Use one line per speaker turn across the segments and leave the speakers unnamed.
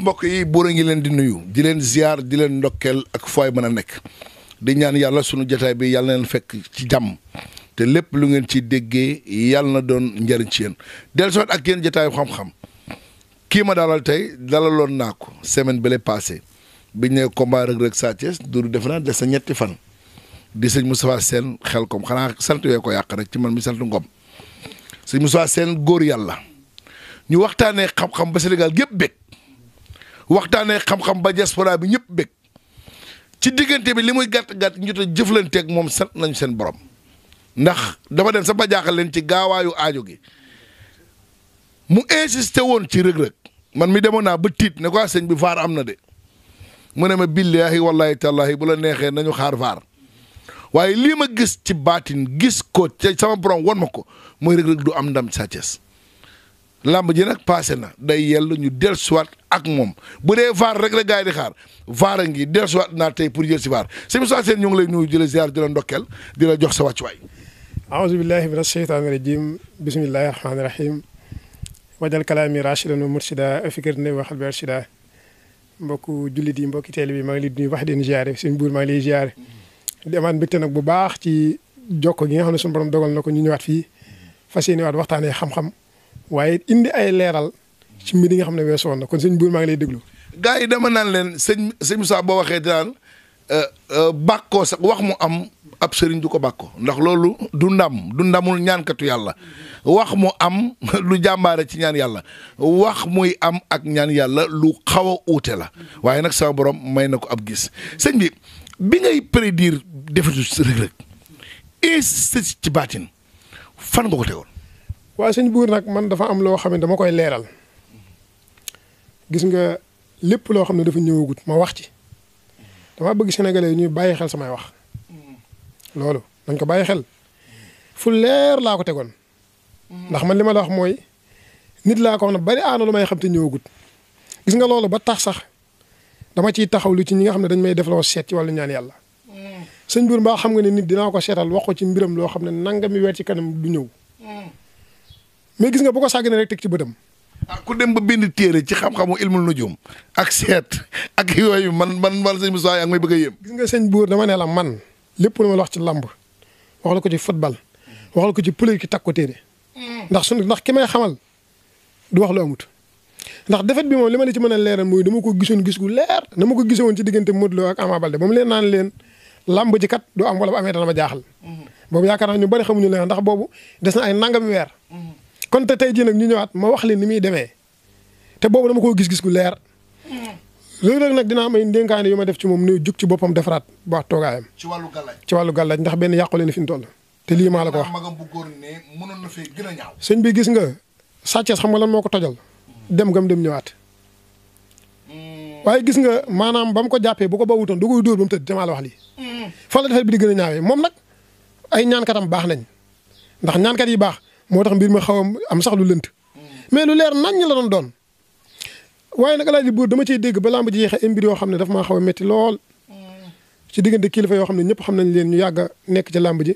mbokk yi buur a ngi leen di nuyu di leen ziar di leen ndokkeel ak fooy mën a nekk di ñaan yàlla sunu jataay bi yàlla na leen fekk ci jàmm te lépp lu ngeen ci déggee yàlla na doon njëriñ ci yéen dellusiwaat ak yéen jataayu xam-xam kii ma dalal tey dalaloon naa ko semaine bi lay passé biñ ne combat Reug Reug Sa Thiès duuru defe naa des na ñetti fan di sëñ Moustapha seen xel kom xanaa sant wee ko yàq rek ci man mi sant ngom sëñ Moustapha seen góor yàlla ñu waxtaanee xam-xam ba Sénégal gépp bég waxtaanee xam-xam ba diaspora bi ñëpp bég ci diggante bi li muy gàtt gàtt ñu te jëflanteeg moom sant nañ seen borom ndax dafa dem sa ba leen ci gaawaayu aajo gi mu insisté woon ci rëg-rëg man mi demoon naa ba tiit ne ko ah, sëñ bi vaar am na de mu ne ma billaahi wallaahi tallaahi bu la neexee nañu xaar vaar waaye lii ma gis ci baatin gis ko ca sama borom won ma ko mooy rëg-rëg du am ndam Sa Thiès làmb ji nag passé na day yell ñu dellusiwaat ak moom bu dee vaar rek la gars di xaar vaar a ngi dellusiwaat naa tey pour jël si vaar sëñ Moussa Sène ñu ngi lay ñu di la ziar di la di la jox sa wàccuwaay.
aouzu billahi mina sheytaani rajim bismillahi rahmaani rahim wajal kalaami rashidan wa mursida fikirni wa qalbi arshida mbokku jullit yi mbokki teel bi maa ngi leen di nuyu wax di leen ziare suñu buur maa ngi lay ziare di amaat nag bu baax ci jokko gi nga xam ne suñu borom dogal na ko ñu ñëwaat fii fas yéene waat waxtaanee xam-xam waaye indi ay leeral ci mbir nga xam ne weesu woon na kon sëñ Buur maa ngi lay déglu.
gars yi dama naan leen sëñ sëñ Moussa boo waxee daan euh, euh, bàkkoo sax wax mu am ab sëriñ du ko bàkkoo ndax loolu du ndam du ndamul ñaankatu yàlla wax mu am lu jàmbaare ci ñaan yàlla wax muy am ak ñaan yàlla lu xaw a uute la waaye nag sama borom may na ko ab gis sëñ bi bi ngay prédire defetu
Reug Reug et ci baatin fan nga ko tegoon waaye sëñ buur nag man dafa am loo xam ne dama koy leeral gis nga lépp loo xam ne dafa ñëwagut ma wax ci dama bëgg sénégalais ñuy bàyyi xel samay wax loolu dañ ko bàyyi xel fu leer laa ko tegoon ndax man li ma la wax mooy nit laa ko ne bari aana lu may xam te ñëwagut gis nga loolu ba tax sax dama ciy taxaw lu ci ñi nga xam ne dañ may def loo seet ci wàllu ñaan yàlla mm. sëñ buur mbaa xam nga ne nit dinaa ko seetal wax ko ci mbiram loo xam ne nangami weer ci kanam du ñëw mm. mais gis nga bu ko sàgg ne rek teg ci bëtam.
Ah, ku dem ba bind téere ci xam-xamu ilmul nujum ak
seet ak yooyu man man man sëñ Moussa yaa ngi may bëgg a gis nga sëñ Buur dama ne la man lépp lu ma wax ci lamb wax la ko ci football wax ko ci pël ki takk ko téere ndax suñu ndax ki may xamal du wax lu amut. ndax defet bi moom li ma la ci mën a leeral mooy dama ko gisoon gis gu leer na ma ko gise woon ci diggante Modou Lo ak Ama Balde ba mu leen naan leen lamb ji kat du am wala bu amee dana ma jaaxal. Mm-hmm. boobu yaakaar naa ñu bari xamuñu leen ndax boobu des na ay nangam weer. Mm-hmm. kon te tey jii nag ñu ñëwaat ma wax leen ni muy demee te boobu dama koo gis-gis gu leer léeg-léeg nag dina am ay ndénkaane yu ma def ci moom nuyu jug ci boppam defaraat bu wax toogaayam. ci wàllu gàllaaj ci wàllu gàllaaj benn yàqu leen fi mu toll te lii maa la ko wax magam bu góor ne mënoon na fee gën a ñaaw. sëñ bi gis nga sàccees xam nga lan moo ko tojal dem gam dem ñëwaat hmm. waaye gis nga maanaam ba mu ko jàppee bu ko ba wutoon du koy dóor ba mu tëdd damaa la wax lii hmm. fa la defee bi di gën a ñaawee moom nag ay ñaankatam baax nañ ndax ñaankat yi baax moo tax mbir ma xaw am sax lu lënt mais lu leer nañ la doon doon waaye nag alaaji buur dama cey dégg ba lamb ji jeexee ay mbir yoo xam ne daf maa xaw a métti lool digg diggante kilifa yoo xam ne ñëpp xam nañ leen ñu yàgg nekk ci làmb ji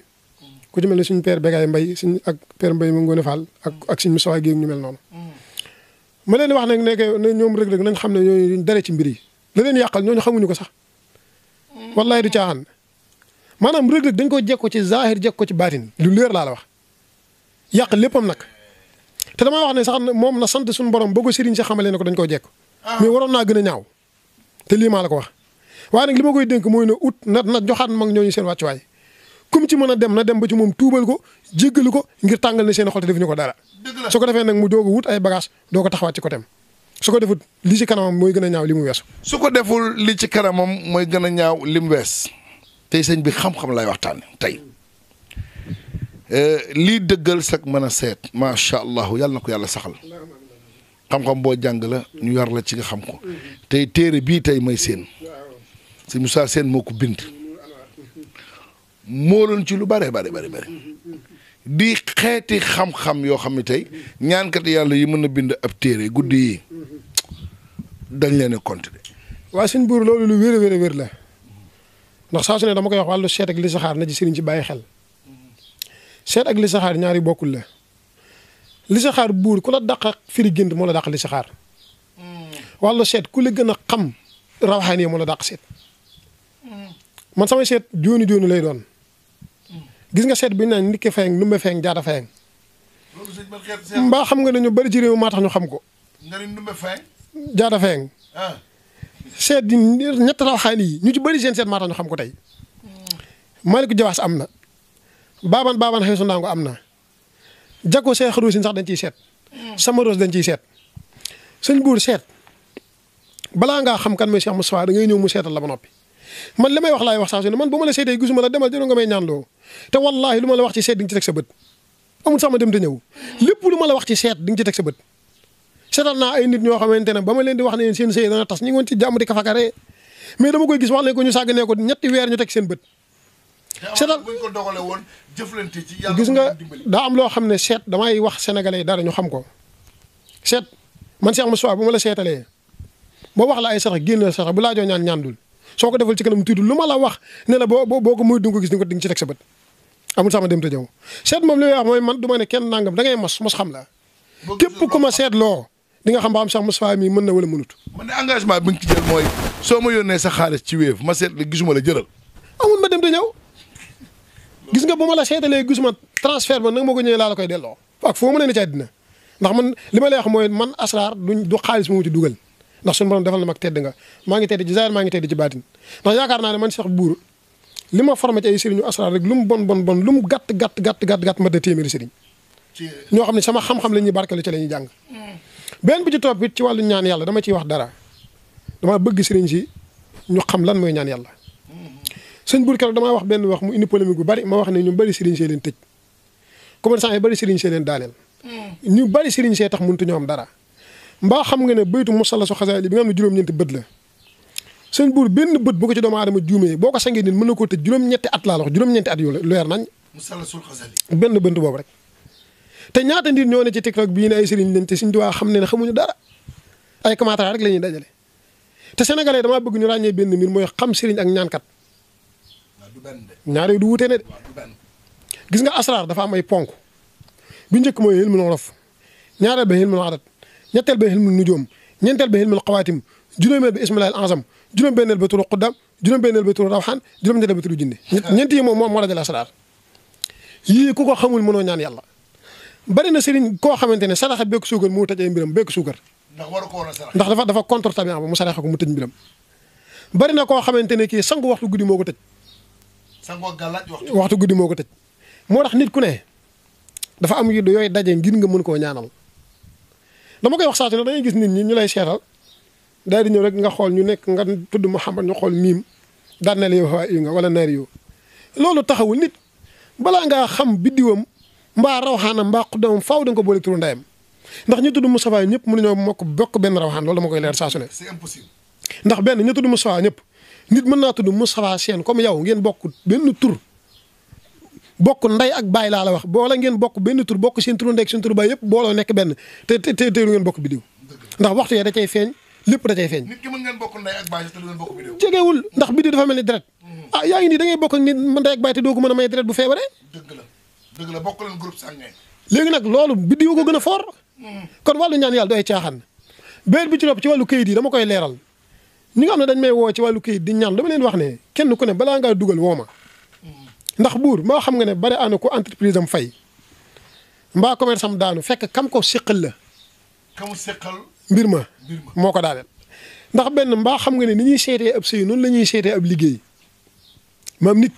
ku ci mel ne suñu père Bégaye Mbaye suñ ak père Mbaye mu Ngoné ak ak suñu Moussa ñu mel noonu ma leen wax nag ne ñoom rëg-rëg nañ xam ne ñooñu dara ci mbir yi la leen yàqal ñooñu xamuñu ko sax wallaay du caaxaan maanaam rëg-rëg dañ ko jekko ci zahir ko ci baatin lu leer laa la wax yàq léppam nag te dama wax ne sax moom na sant suñu borom bëgg sëriñ si xamalee ne ko dañ koo jekk ah. mais waroon naa gën a ñaaw te lii maa la ko wax waaye nag li ma koy dénk mooy na ut na na joxaat mag ñooñu seen wàccuwaay comme ci mën a dem na dem ba ci moom tuubal ko jéggalu ko ngir tàngal ne seen xol te defuñu ko dara su ko defee nag mu doog wut ay bagage doo ko taxawaat ci ko tem su ko deful li ci kanamam mooy gën a ñaaw li mu weesu
su ko deful li ci kanamam mooy gën a ñaaw li mu wees tey sëñ bi xam-xam lay tey Eh, lii dëggal sag mën a seet macha allah yàlla na ko yàlla saxal xam-xam boo jàng la ñu yar la ci nga xam ko tey téere bii tey may seen si Moussa seen moo ko bind mooloon ci lu bare bare bare bare di xeeti xam-xam yoo xam ne tey ñaankat yàlla yi mën na bind ab téere guddi yi dañ leen a continuer
waaye suñ buur loolu lu wér a wér a wér la ndax saa su ne dama koy wax wàllu seet ak li saxaar na ci sëriñ ci bàyyi xel seet ak listixaar ñaari bokkul la listixaar buur ku la daq a firi gént moo la daq listixaar walla seet ku la gën a xam rawaxaan yi moo la daq seet man samay seet jooni jooni lay doon gis nga seet bi ñu naan ndikki fayang numbe fayang jaata fayang mbaa xam nga ne bari ci réew maa tax xam ko jaata fayang ah. seet di ñett rawaxaan yi ñu ci bari seen seet maa tax ñu xam ko tey Malick Jawaas am na baaban baaban xeesu nangu am na jako see xarusin sax dañ ciy seet hmm. sama roos dañ ci seet sëñ buur seet balaa ngaa xam kan mooy Cheikh Moustapha da ngay ñëw mu seetal la ba noppi man li may wax laay wax saa su ne la seetee gisuma la demal jëloon nga may ñaan lu ma la wax ci seet di nga ci te ñëw hmm. lépp lu xamante ne ba ma leen di wax ne seen sëy dana tas ñu ngi woon ci kafakare mais dama koy gis wax ne ko ñu sàgg ne ko ñetti weer ñu teg seen bët seetal buñ ko dogale woon jëflante gis nga daa am loo xam ne seet damay wax sénégalais yi dara ñu xam ko seet man Cheikh Moussa bu ma la seetalee boo wax la ay sarax génn sarax bu laajoo ñaan ñaan soo ko defal ci kanam tuuti lu ma la wax ne la boo boo ko muy dunga gis di nga ci teg sa bët amul sama dem te jaww seet moom li may wax mooy man du ma ne kenn nangam da ngay mos mos xam la képp ku ma seetloo di nga xam ba am Cheikh Moustapha mi mën na wala mënut man ne engagement bi nga
ci soo ma yónnee sa xaalis ci wéef ma seet la gisuma la jëral
amul ma dem te ñëw gis nga bu ma la seetalee gisuma transfert ba nag ma ko ñëwee laa la koy delloo ak foo mën a ne ci àddina ndax man li ma lay wax mooy man asraar duñ du xaalis moo ci dugal ndax suñu borom defal na mag tedd nga maa ngi tedd ci zaahir maa ngi tedd ci baatin ndax yaakaar naa ne man Cheikh Buur li ma formé ci ay sëriñu asraar rek lu mu bon bon bon lu mu gàtt gàtt gàtt gàtt gàtt mat da téeméeri sëriñ ñoo xam ne sama xam-xam la ñuy barkelu ci la ñuy jàng hmm. benn bi ci topp it ci wàllu ñaan yàlla dama ciy wax dara dama bëgg sëriñ si ñu xam lan mooy ñaan yàlla sëñ Buur keroog damaa wax benn wax mu indi polémique bu bari ma wax ne ñu bari sëriñ see leen tëj commerçant yi bari sëriñ see leen daaneel hmm. ñu bari sëriñ see tax mëntu ñoo am dara mbaa xam nga ne baytu musalla su xasaay li bi nga xam ne juróom-ñeenti bët la sëñ Buur benn bët bu ko ci doomu aadama juumee boo ko sangee nit mën na koo tëj juróom-ñetti at laa la wax juróom-ñeenti at yu benn bënt boobu rek te ñaata nit ñoo ne ci tiktok bii ne ay sëriñ lañ te suñ tuwaa xam ne ne xamuñu dara ay commentaire rek la ñuy dajale te sénégalais damaa bëgg ñu ràññee benn mbir mooy xam sëriñ ak ñaankat ñaar yooyu du wute de gis nga asraar dafa am ay ponk bu njëkk mooy xilmul orof ñaareel be xilmul adat ñetteel ba xilmul nujoom ñeenteel ba xilmul xawaatim juróomeel ba ismulaayil ansam juróom-benneel ba turu xuddam juróom-benneel ba turu rawxaan juróom-ñetteel ba turu jinde ñeent yi moom moom moo dajale asraar yii ku ko xamul mënoo ñaan yàlla bari na sëriñ koo xamante ne saraxa bekk suukar mu tëj ay mbiram bekk suukar ndax waru ndax dafa dafa contre tabian ba mu saraxa ko mu tëj mbiram bari na koo xamante ne kii sangu waxtu guddi moo ko tëj sangoo gàllaaj waxtu waxtu guddi moo ko tëj. moo tax nit ku ne dafa am yu yooyu daje ngir nga mën koo ñaanal dama koy wax saa su ne da gis nit ñi ñu lay seetal daal di ñëw rek nga xool ñu nekk nga tudd Muhammad ñu xool miim daan na la yow waa nga wala naar yow loolu taxawul nit balaa ngaa xam biddiwam mbaa rawaxaanam mbaa xuddamam faaw da nga ko boole turu ndeyam ndax ñu tudd Moustapha ñëpp mënuñoo mokk bokk benn rawaxaan loolu dama koy leer saa su ne. c'est impossible. ndax benn ñu tudd Moustapha ñëpp. nit mën naa tudd Moustapha Sène comme yow ngeen bokk benn tur bokk nday ak baay laa la wax boole ngeen bokk benn tur bokk seen turu ndey ak baay yëpp booloo nekk benn te te te teelu ngeen bokk bidiw ndax da cay feeñ lépp da cay feeñ. ki mën ngeen bokk nday ak baay te du ngeen bokk bidiw. jegewul ni deret mhm. ah yaa ngi nii da ngay bokk ak nit nday ak baay te doo ko mën a may deret bu feebaree.
bokk leen
léegi nag loolu bidiw ko gën a mhm. foor kon wàllu ñaan yàlla du ay caaxaan beneen bi ci topp ci wàllu kayit yi dama koy leeral ñi ngi xam ne dañ may woo ci wàllu kayit di ñaan dama leen wax ne kenn ku ne balaa ngaa dugal woo ma ndax buur moo xam nga ne bare ana ko entreprise am fay mbaa commerce am daanu fekk kam ko siqal la. kam siqal mbir ma moo ko daaneel. ndax benn mbaa xam ne ni ñuy seetee ab sëy noonu la ñuy seetee ab liggéey maam nit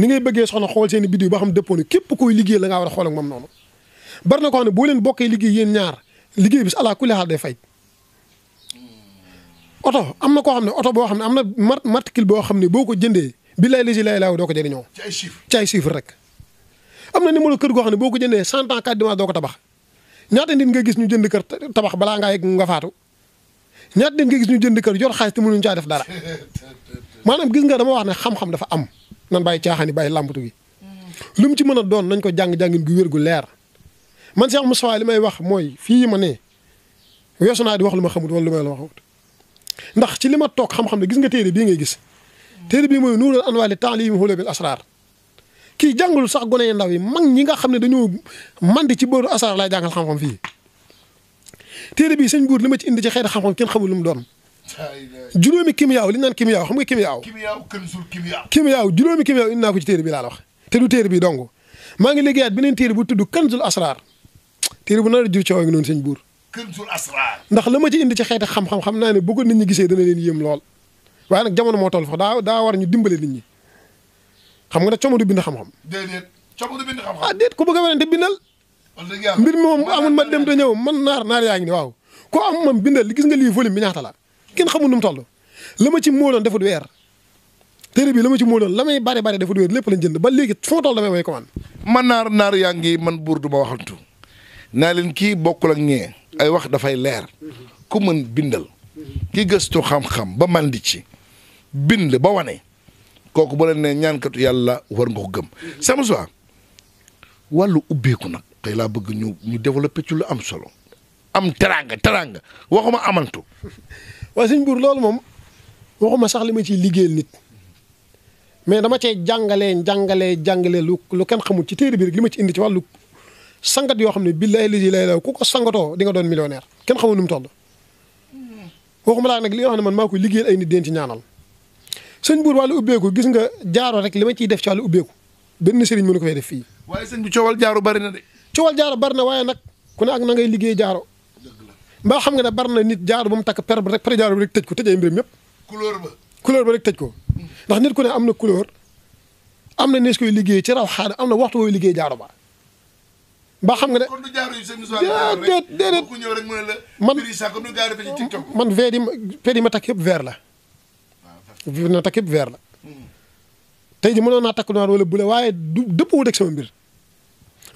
ni ngay bëggee soxna xool seen i biddiw ba xam dëppoo képp koy liggéey la ngaa war a xool ak moom noonu. bari na ko xam ne boo leen bokkee liggéey yéen ñaar liggéey bis ala kulli xaal day fay. oto am na koo xam ne oto boo xam ne am na mat matricule boo xam ne boo ko jëndee bi lay lisi lay laaw doo ko jëriñoo. ci ay chiffres rek. am na numéro kër goo xam ne boo ko jëndee cent ans quatre dimanche doo ko tabax ñaata nit nga gis ñu jënd kër tabax balaa ngaa yegg nga faatu ñaata nit nga gis ñu jënd kër yor xaalis te nuñ caa def dara maanaam gis nga dama wax ne xam-xam dafa am nan bàyyi caaxaan yi bàyyi làmbatu gi. Hmm. lu mu ci mën doon nañ ko jàng-jàngin gu wér gu leer man Cheikh Moussa li may wax mooy fii ma ne weesu naa di wax lu ma xamut wala lu ma la waxut ndax ci li ma toog xam-xam ne gis nga téere bii ngay gis téere bi mooy nuural anwaali taalim xula bil asraar kii jàngalul sax gone yu ndaw yi mag ñi nga xam ne dañu man di ci booru asraar laa jàngal xam-xam fii téere bii sëñ buur li ma ci indi ci xeeti xam-xam kenn xamul lu mu doon juróomi kimiyaaw li ñu naan kimiyaaw xam nga kimiyaaw kimiyaaw juróomi kimiyaaw indi naa ko ci téere bi laa la wax te bi dong maa ngi liggéeyaat beneen téere bu tudd kanzul asraar bu nar a jur coow buur Kënzul Asraar. ndax la ma ci indi ci xeeti xam-xam xam naa ne bu ko nit ñi gisee dana leen yéem lool waaye nag jamono moo toll fa daa daa war ñu dimbale nit ñi xam nga nag coomo du bind xam-xam. déedéet coomo du bind xam-xam. ah déet ku bëgg a werante bindal. mbir mi moom amul ma dem te ñëw man naar naar yaa ngi ni waaw ko am man bindal gis nga lii volume bi ñaata la kenn xamul nu mu toll la ma ci móoloon defut weer téere bi la ma ci móoloon la may bari bari defut weer lépp la jënd ba léegi fu ma toll damay may man naar naar yaa ngi man buur du ma waxantu naa leen
kii bokkul ak ñee ay wax dafay leer ku mën bindal ki gëstu xam-xam ba di ci bind ba wane kooku ba leen ne ñaankatu yàlla war nga ko gëm sama soi wàllu ubbeeku nag tey laa bëgg ñu ñu développé ci lu
am solo am teraanga teraanga waxuma amantu waaye sëñ buur loolu moom waxuma sax li ma ciy liggéeyal nit mais dama cee jàngalee jàngale jàngalee lu lu kenn xamul ci téere bi rek li ma ci indi ci wàllu sangat yoo xam ne billahi li lay la ku ko sangatoo di nga doon millionnaire kenn xamul nu mu toll. waxuma laa nag li nga xam ne man maa koy liggéeyal ay nit deen ci ñaanal sëñ buur wàllu ubbeeku gis nga jaaro rek li ma ciy def ci wàllu ubbeeku benn sëriñ mënu ko fay def fii. waaye sëñ bi coowal jaaro bari na de. jaaro bari na waaye nag ku ne ak na liggéey jaaro. mbaa xam nga ne bari na nit jaaro ba mu takk per rek pare jaaro bi rek tëj ko tëj ay mbiram yëpp. couleur ba ba rek tëj ko. ndax nit ku ne am na couleur am na nees koy liggéey ci raw xaana am na waxtu wooy liggéey jaaro mbaa xam nga ne kon du jaaru yu sëñ Moussa déedéet déedéet ku ñëw rek mu ne la. man prix ma verre yi ma takk yëpp verre la. waaw ah, na takk yëpp verre la. Hmm. tey jii mënoon naa takk noir wala bleu waaye du dëppoo wut ak sama mbir.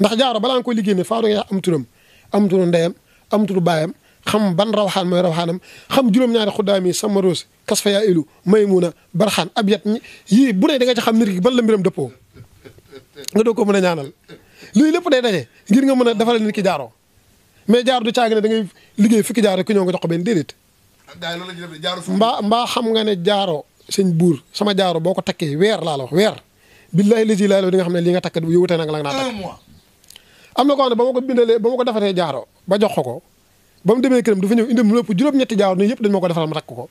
ndax jaaro balaa nga koy liggéey ne faaw nga am turam am turu ndeyam am turu baayam xam ban raw xaan mooy rawaxaanam xam juróom-ñaari xuddaam yi sama rose kas fa yaa ilu maymuna barxaan abiyat yii bu de da nga ci xam nit ki ban la mbiram dëppoo nga doo ko mën a ñaanal lii lépp day daje ngir nga mën a defaral nit ki jaaro mais jaar du caagi ne da ngay liggéey fukki jaaro ki ñëw nga jox ko benn déedéet mbaa mbaa xam nga ne jaaro sëñ buur sama jaaro boo ko takkee laa la wax weer billahi lisi laa la nga xam ne lii nga takk yu wutee nag la nga naa am na ko xam ne ko bindalee ba ma ko defaree jaaro ba jox ko ko ba mu demee këram dafa ñëw indi mu lépp juróom-ñetti jaaro nii yëpp dañ ma ko defaral ma takk ko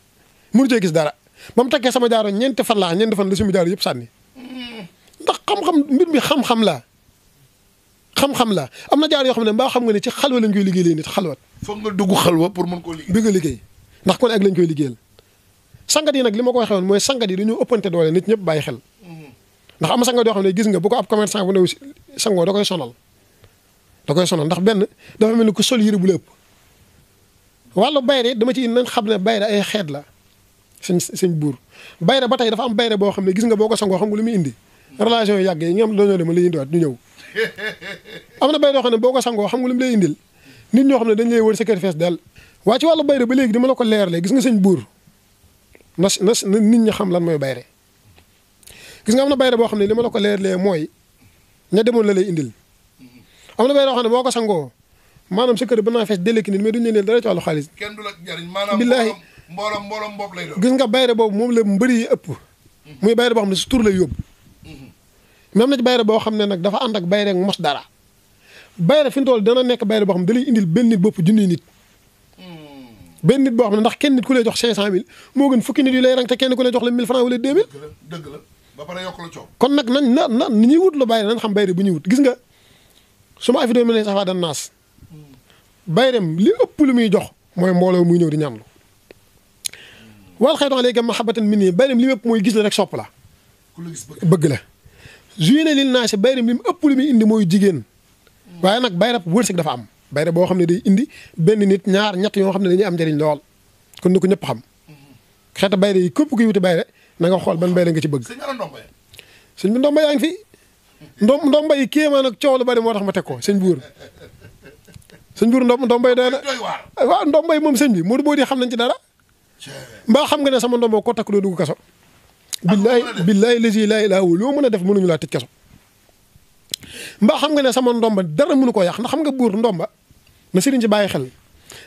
mënu cee gis dara ba mu takkee sama jaaro ñeenti fan laa ñeenti fan la sumu jaaro yëpp sànni mm. ndax xam-xam mbir mi xam-xam la xam-xam la am na jaar yoo xam ne mbaa xam nga ne ci xalwa lañ koy liggéeyee nit xalwat. foog nga dugg xalwa pour mën koo liggéey. bëgg a liggéey ndax kon ak lañ koy liggéeyal sanga yi nag li ma ko waxee woon mooy sangat yi dañoo ëppante doole nit ñëpp bàyyi xel mm-hmm. ndax am sangat yoo xam ne gis nga bu ko ab commerçant bu new sangoo da koy sonal da koy sonal ndax benn dafa mel ni ku sol yëre bu la ëpp wàllu dama ci nañ xam ne bayre ay xeet la sëñ sëñ buur bayre ba tey dafa am bayre boo xam ne gis nga boo ko sangoo xam nga lu muy indi mm-hmm. relation yi yàgg yi nga xam dañoo dem la ñuy indiwaat ñu ñëw am na bay doo xam ne boo ko sangoo xam nga lu mu lay indil nit ñoo xam ne dañ lay wër sa fees dell waa ci wàllu bayre ba léegi dama la ko leerle gis nga sëñ buur na na nit ñi xam lan mooy bayre gis nga am na bayre boo xam ne li la ko leerlee mooy ña demoon la lay indil am na bayre boo xam ne boo ko sangoo maanaam sa kër ba naa fees delleki nit mais duñu leen dara ci wàllu xaalis kenn du la billaahi gis nga bayre boobu moom la mbëri yi ëpp muy bayre boo xam ne si tur lay yóbbu mais am na ci bayre boo xam ne nag dafa ànd ak bayre mos dara bayre fi mu toll dana nekk bayre boo xam ne da lay indil benn nit bopp junniy nit. Hmm. benn boo xam ne ndax kenn nit ku lay jox cinq cent 500000 moo gën fukki nit yu lay rang te kenn ku ne jox la 1000 francs wala 2000. dëgg la dëgg la kon nag nañ na na ni ñuy wut la bayre nañ xam bayre bu ñuy wut gis nga su ma affaire yi mel ne safa dan naas hmm. li ëpp lu muy jox mooy mbooloo muy ñëw di ñaanlu wal xëy na léegi mahabbatan min nii bayrem li ëpp mooy gis rek sopp la bëgg la. joué na lil naase bayram li mu ëpp li muy indi mooy jigéen waaye nag bayrab wërsëg dafa am bayra boo xam ne day indi benn nit ñaar ñett yoo xam ne dañuy am njëriñ lool kon ni ko ñëpp xam xeetu bayra yi képp kuy wuti bayra na nga xool ban bayra nga ci bëgg sëñ bi ndomba yaa ngi fi ndom ndomba yi kéemaan ak coow lu bari moo tax ma teg sëñ buur sëñ buur ndom ndomba yi doy na waaw ndomba yi moom sëñ bi Modou Modou yi xam nañ ci dara mbaa xam nga ne sama ndomba ko takk doo dugg kaso billaay billaay lisi laa ilaa loo mën a def mënuñu laa tëj kaso mbaa xam nga ne sama ndomba dara mënu ko yàq ndax xam nga buur ndomba na sëriñ si bàyyi xel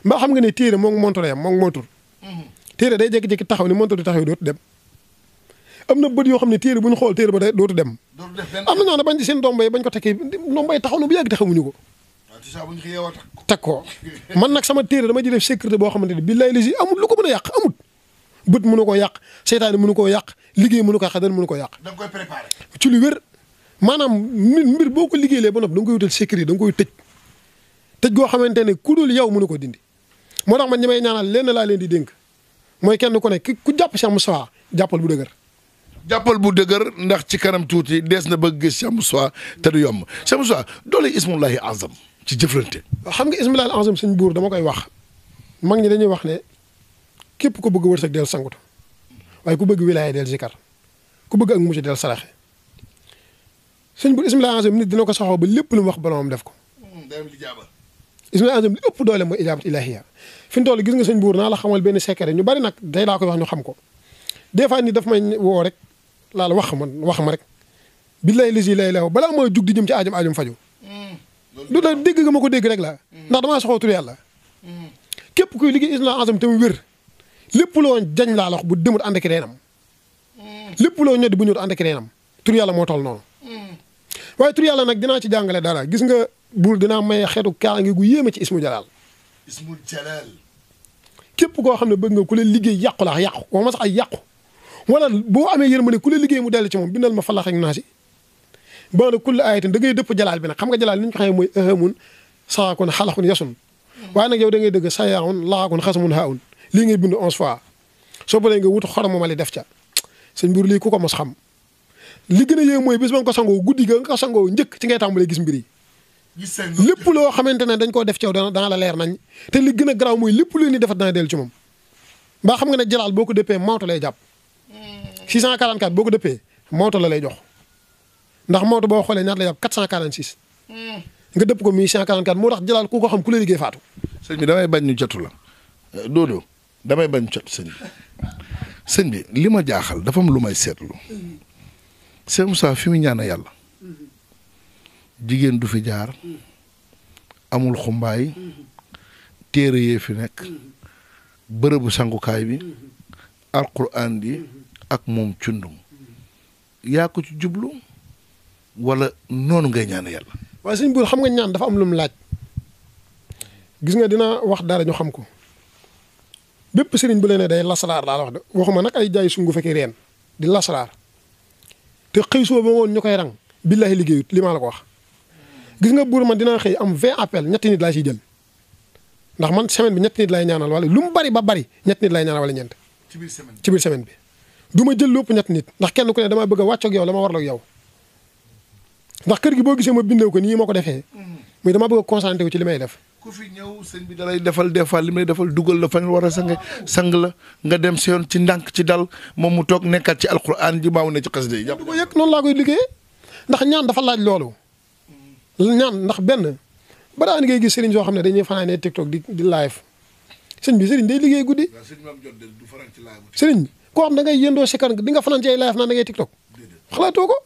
mbaa xam nga ne téere moom montor yam moom mootur mhm. téere day jékki-jékki taxaw ni montor di taxaw dootu dem am na bët yoo xam ne téere bu ñu xool téere ba day dootu dem am na ñoo ne bañ ci seen ndomba yi bañ ko tekkee ndomba yi taxaw na bu yàgg taxawuñu ko teg ko man nag sama téere dama ji def sécurité boo xamante ne billaay la amul lu ko mën a yàq amul but mënu koo yàq seytaane mënu koo yàq liggéey mënu ko xadal mënu ko yàq. da nga koy préparé. ci lu wér maanaam mbir boo ko liggéeyee ba nopp da ko koy wutal sécurité da nga koy tëj tëj goo xamante ne ku dul yow mënu ko dindi. moo tax ma ñi may ñaanal leen laa leen di dénk mooy kenn ku ne ku jàpp Cheikh Moussa jàppal bu dëgër.
jàppal bu dëgër ndax ci kanam tuuti dees na bëgg gis Cheikh Moussa te du yomb Cheikh Moussa doole ismullahi azam ci jëflante.
xam nga ismullahi azam suñu buur dama koy wax mag ñi dañuy wax ne képp ko bëgg wërsëg del sangutu waaye ku bëgg wilaaya del zikar ku bëgg mu mucc del saraxe sëñ bu ismila nit dina ko saxoo ba lépp lu mu wax boroomam def ko hmm, ismila ansam li ëpp doole mooy ijaabat ilahiya fi mu toll gis nga sëñ buur naa la xamal benn secret ñu bari nag day laa koy wax ñu xam ko des fois nit daf may woo rek laa la wax ma wax ma rek billahi lisi lay law balaa mooy jug di jëm ci aajam aajam faju hmm, du la dégg nga ma ko dégg rek la hmm. ndax damaa soxootul yàlla képp kuy liggéey ismila ansam tamit lépp loo jañ laa la bu demut ànd ak lépp loo ñëw bu ñëwut ànd ak reenam tur yàlla moo toll noonu. waaye tur yàlla nag dinaa ci jàngale dara gis nga buur dinaa may xeetu kaange gu yéeme ci ismu jalaal. ismu képp koo xam ne bëgg nga ku la liggéey yàqu laax yàqu wala ma sax ay yàqu wala boo amee yërmande ku la liggéey mu dellu ci moom bindal ma falax ak naa si. ba na kulli ayatin da ngay dëpp jalaal bi nag xam nga jalaal li ñu ko xamee mooy ahamun saakun xalaxun yasun hmm. waaye nag da ngay dëgg sayaun laaxun xasamun haawun lii ngay bind onze fois soo paree nga wut xorom ma li def ca sëñ mbir lii ku ko mos xam li gën a yéem mooy bis ba nga ko sangoo guddi ga nga ko sangoo njëkk ci ngay tàmbalee gis mbir yi lépp loo xamante ne dañ koo def ci yow dana la leer nañ te li gën a garaaw mooy lépp lu ni defat dana dellu ci moom mbaa xam nga ne jalaal boo ko dëppee mawta lay jàpp 644 hmm. boo ko dëppee mawta la lay jox ndax mawta boo xoolee ñaata lay jàpp 446 nga dëpp ko 644 moo tax jalaal ku ko xam ku lay liggéey faatu sëñ bi damay bañ ñu jotu la euh, doodo damay bañ cot sëñ
sëñ bi li ma jaaxal dafa am lu may seetlu sëñ Moussa fi mu ñaan yàlla jigéen du fi jaar amul xumbaay téere yee fi nekk bërëbu sangukaay bi alquran bi ak moom cundum yaa ko ci jublu wala noonu ngay ñaan yàlla
waaye sëñ buur xam nga ñaan dafa am lum laaj gis nga dina wax dara ñu xam ko bépp sëriñ bu la day lasaraar laa wax de waxuma nag ay jaay sungu fekki reen di lasaraar te xëy soo ba woon ñu koy rang billahi liggéeyut li ma la ko wax. gis nga buur man dinaa xëy am 20 appel ñetti nit laa ciy jël ndax man semaine bi ñetti nit lay ñaanal wala lu mu bari ba bari ñetti nit lay ñaanal wala ñeent. ci biir semaine bi ci biir semaine bi. du ma jël lépp ñetti nit ndax kenn ku ne damaa bëgg a wàccoog yow dama warloo ak yow ndax kër gi boo gisee ma bindoo ko nii ma ko defee muy mm-hmm. dama bëgg a concentré wu ci li may def ku fi
ñëw sëñ bi dalay defal des fois li may defal dugal la fañ war a sang sang la nga dem si yoon ci ndànk ci dal moom mu toog nekkaat ci alquran ji maaw ne ci xasida yi jàpp du
ko yëg loolu laa koy liggéeyee ndax ñaan dafa laaj loolu ñaan ndax benn badaa ni ngay gis sëriñ soo xam ne dañuy fanaanee tiktok di di live sëñ bi sëriñ day liggéey guddi sëriñ bi koo xam da ngay yëndoo si kan di nga fanaan ci ay live naan da ngay tiktok xalaatoo ko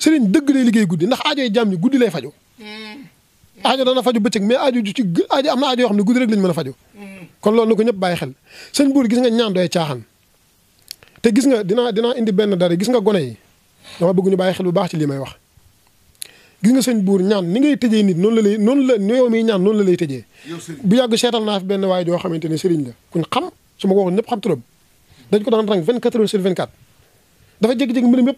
sëriñ dëgg lay liggéey guddi ndax aajoy jàmm ñi guddi lay fajo hmm. aajo dana faju bëccëg mais aajo ju ci aajo am na aajo yoo xam ne guddi rek lañ mën a faju kon loolu na ko ñëpp bàyyi xel sëñ buur gis nga ñaan doy caaxaan te gis nga dinaa dinaa indi benn dara gis nga gone yi dama bëgg ñu bàyyi xel bu baax ci lii may wax gis nga sëñ buur ñaan ni ngay tëjee nit noonu la lay noonu la yow mi ñaan noonu la lay tëjee bu yàgg seetal naa benn waaye joo xamante ne sëriñ la kuñ xam su ma ko waxoon ñëpp xam turam ko daan rang 24 heures sur 24 dafa jékki-jékki mbirum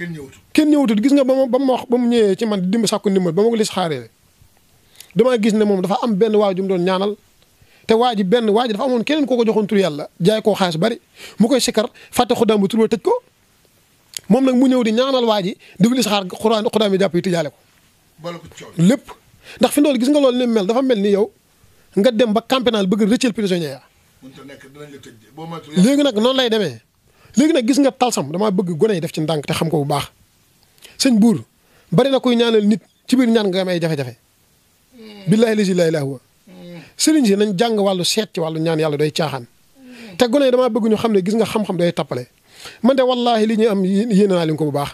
kenn ñëwatul kenn ñëwatul gis nga ba ma ba ma wax ba mu ñëwee ci man dimb sàkku ndimbal ba ma ko lis xaaree damaa gis ne moom dafa am benn waa ju mu doon ñaanal te waa ji benn waa ji dafa amoon keneen koo ko joxoon tur yàlla jaay ko xaalis bari mu koy sikkar fàtte xudaam bu tur tëj ko moom nag mu ñëw di ñaanal waa ji di lis xaar xuraan xudaam yi jàpp yi tëjaale ko lépp ndax fi ndool gis nga loolu ni mel dafa mel ni yow nga dem ba campénal bëgg rëccel prisonnier ya léegi nag noonu lay demee léegi nag gis nga sam damaa bëgg gone yi def ci ndànk te xam ko bu baax sëñ buur bari na koy ñaanal nit ci biir ñaan nga am ay jafe-jafe. billaahi lazi lay ilaaha huwa sëriñ si nañ jàng wàllu seet ci wàllu ñaan yàlla doy caaxaan te gone yi damaa bëgg ñu xam ne gis nga xam-xam day tappale man de wallaahi li ñuy am yéene naa leen ko bu baax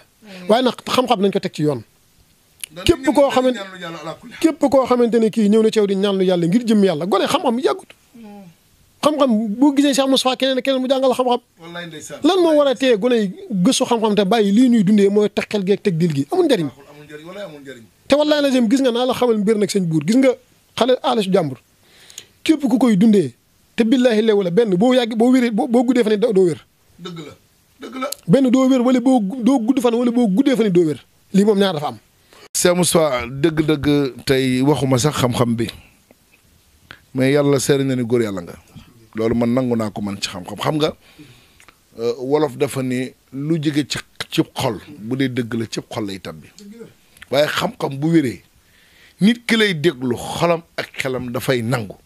waaye nag xam-xam nañ ko teg ci yoon. képp koo xamante képp koo xamante ne kii ñëw na ceew di ñaan yàlla ngir jëm yàlla gone xam-xam yàggut xam-xam boo gisee Cheikh Moustapha keneen keneen mu jàngal xam-xam lan moo war a téye gone yi gëstu xam-xam te bàyyi lii ñuy dundee mooy teqel geeg teg dil gi amul njëriñ te wallaay la jëm gis nga naa la xamal mbir nag sëñ buur gis nga xale alasu jàmbur képp ku koy dundee te billaahi leewu la benn boo yàgg boo wéree boo guddee fa ne doo wér dëgg la dëgg benn doo wér wala boo doo gudd fan wala boo guddee fa ne doo wér lii moom ñaar dafa am
Cheikh Moustapha dëgg-dëgg tey waxuma sax xam bi mais yàlla seeri na ni góor yàlla nga loolu man nangu naa ko man ci xam-xam nga euh, wolof dafa ni lu jege ci ci xol bu dee dëgg la cib xol lay bi waaye xam-xam bu wéree nit ki lay déglu xolam ak xelam dafay nangu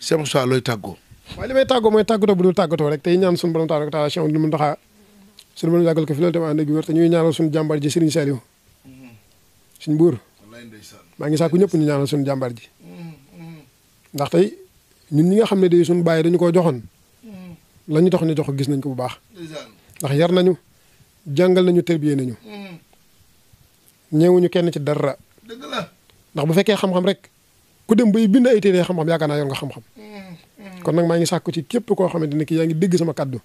sem soit looy tàggoo
waaye li may tàggoo mooy tàggatoo bu dul tàggatoo rek tey ñaan suñu borom tabaaraka taala Cheikh Ahmadou Mountakha suñu borom yàggal ko fi loolu tamit ànd ak wér te ñuy ñaanal suñu jàmbaar ji Serigne Saliou suñu buur maa ngi sàkku ñëpp ñu ñaanal suñu jàmbaar ji mm-hmm. ndax ñun ñi nga xam ne de day suñu baay dañu koo joxoon mm. la ñu tax ñu jox gis nañ ko bu baax ndax yar nañu jàngal nañu tërbiyee nañu mm. ñeewuñu kenn ci dara ndax bu fekkee xam-xam rek ku dem bay bind ay téere xam-xam yaakaar naa yor nga xam-xam mm, kon nag maa ngi sàkku ci képp koo xamante ne ki yaa ngi dégg sama kaddu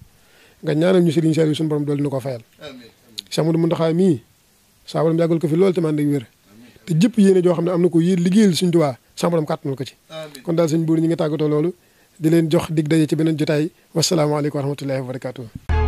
nga ñaanal ñu Serigne Saliou suñu borom doole ñu koo fayal Cheikh Modou Mountakha mii saa borom yàggal ko fi loolu te man day wér te jëpp yéene joo xam ne am na ko yéen liggéeyal Serigne Touba sama borom kàttanal ko ci kon daal sëñ buur ñi ngi tàggatoo loolu di leen jox dig daje ci beneen jotaay wasalaamaaleykum wa rahmatullahi wa barakatuh